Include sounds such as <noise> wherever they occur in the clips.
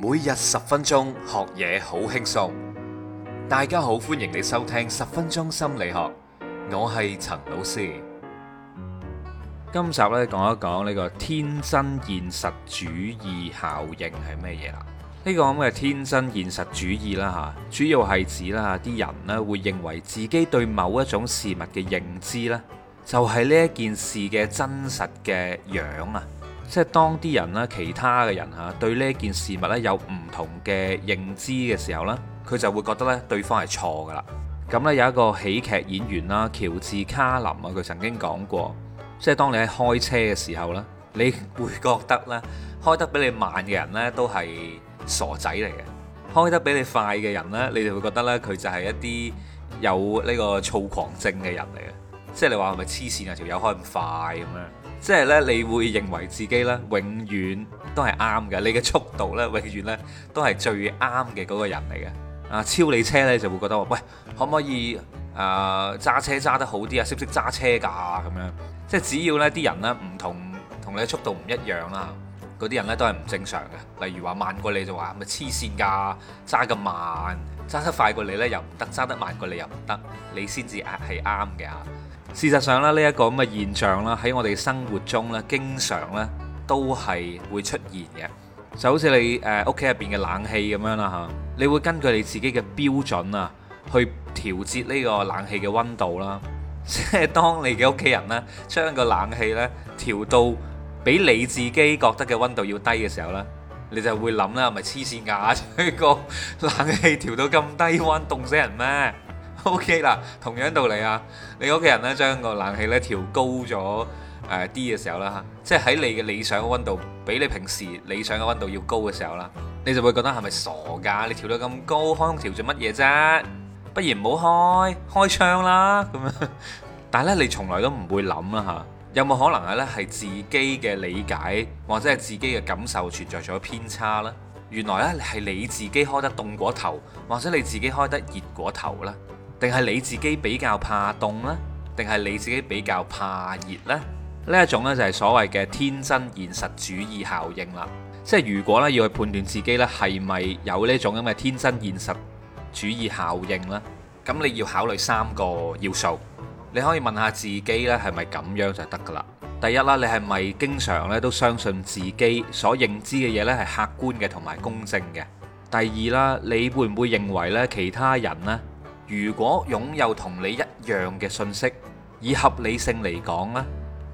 每日十分鐘學嘢好輕鬆，大家好，歡迎你收聽十分鐘心理學，我係陳老師。今集咧講一講呢個天真現實主義效應係咩嘢啦。呢個咁嘅天真現實主義啦吓，主要係指啦啲人咧會認為自己對某一種事物嘅認知呢就係呢一件事嘅真實嘅樣啊。即係當啲人啦，其他嘅人吓、啊，對呢件事物咧有唔同嘅認知嘅時候呢，佢就會覺得呢，對方係錯噶啦。咁呢，有一個喜劇演員啦，喬治卡林啊，佢曾經講過，即係當你喺開車嘅時候呢，你會覺得呢，開得比你慢嘅人呢都係傻仔嚟嘅，開得比你快嘅人呢，你就會覺得呢，佢就係一啲有呢個躁狂症嘅人嚟嘅。即係你話係咪黐線啊？條友開咁快咁樣，即係呢，你會認為自己呢永遠都係啱嘅，你嘅速度呢永遠呢都係最啱嘅嗰個人嚟嘅。啊，超你車呢，就會覺得，喂，可唔可以啊揸車揸得好啲啊？識唔識揸車噶咁樣？即係只要呢啲人呢唔同同你嘅速度唔一樣啦。嗰啲人咧都係唔正常嘅，例如話慢過你就話咪黐線㗎，揸咁慢，揸得快過你呢又唔得，揸得慢過你又唔得，你先至係啱嘅。事實上咧，呢一個咁嘅現象啦，喺我哋生活中呢，經常呢都係會出現嘅，就好似你誒屋企入邊嘅冷氣咁樣啦嚇，你會根據你自己嘅標準啊去調節呢個冷氣嘅温度啦，即係當你嘅屋企人呢，將個冷氣呢調到。比你自己覺得嘅温度要低嘅時候呢，你就會諗啦，係咪黐線呀？吹 <laughs> 個冷氣調到咁低温，凍死人咩？OK 啦，同樣道理啊，你屋企人呢，將個冷氣咧調高咗誒啲嘅時候啦，嚇，即係喺你嘅理想嘅温度比你平時理想嘅温度要高嘅時候啦，你就會覺得係咪傻噶？你調到咁高，開空調做乜嘢啫？不如唔好開，開窗啦咁樣。但係咧，你從來都唔會諗啦嚇。有冇可能係咧，係自己嘅理解或者係自己嘅感受存在咗偏差呢？原來咧係你自己開得凍過頭，或者你自己開得熱過頭啦，定係你自己比較怕凍呢？定係你自己比較怕熱呢？呢一種呢，就係所謂嘅天真現實主義效應啦。即係如果呢，要去判斷自己呢，係咪有呢種咁嘅天真現實主義效應呢？咁你要考慮三個要素。你可以問下自己呢，係咪咁樣就得噶啦？第一啦，你係咪經常呢都相信自己所認知嘅嘢呢係客觀嘅同埋公正嘅？第二啦，你會唔會認為呢其他人呢，如果擁有同你一樣嘅信息，以合理性嚟講呢，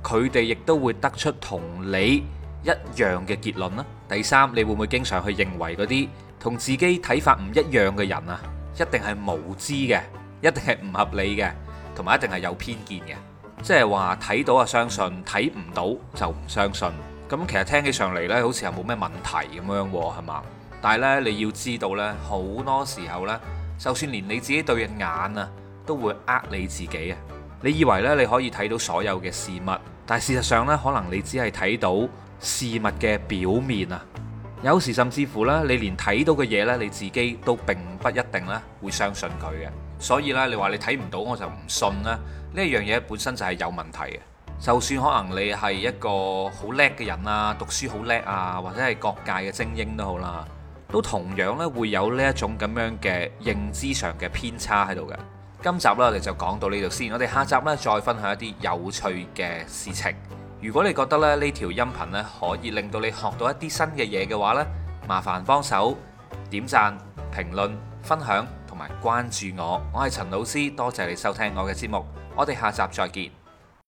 佢哋亦都會得出同你一樣嘅結論啦？第三，你會唔會經常去認為嗰啲同自己睇法唔一樣嘅人啊，一定係無知嘅，一定係唔合理嘅？同埋一定係有偏見嘅，即係話睇到啊相信，睇唔到就唔相信。咁其實聽起上嚟呢，好似係冇咩問題咁樣喎，係嘛？但係呢，你要知道呢，好多時候呢，就算連你自己對嘅眼啊，都會呃你自己啊。你以為呢，你可以睇到所有嘅事物，但係事實上呢，可能你只係睇到事物嘅表面啊。有時甚至乎咧，你連睇到嘅嘢呢，你自己都並不一定咧會相信佢嘅。所以呢，你話你睇唔到我就唔信啦。呢一樣嘢本身就係有問題嘅。就算可能你係一個好叻嘅人啊，讀書好叻啊，或者係各界嘅精英都好啦，都同樣咧會有呢一種咁樣嘅認知上嘅偏差喺度嘅。今集呢，我哋就講到呢度先，我哋下集呢，再分享一啲有趣嘅事情。如果你覺得咧呢條音頻咧可以令到你學到一啲新嘅嘢嘅話呢，麻煩幫手點讚、評論、分享同埋關注我。我係陳老師，多謝你收聽我嘅節目，我哋下集再見。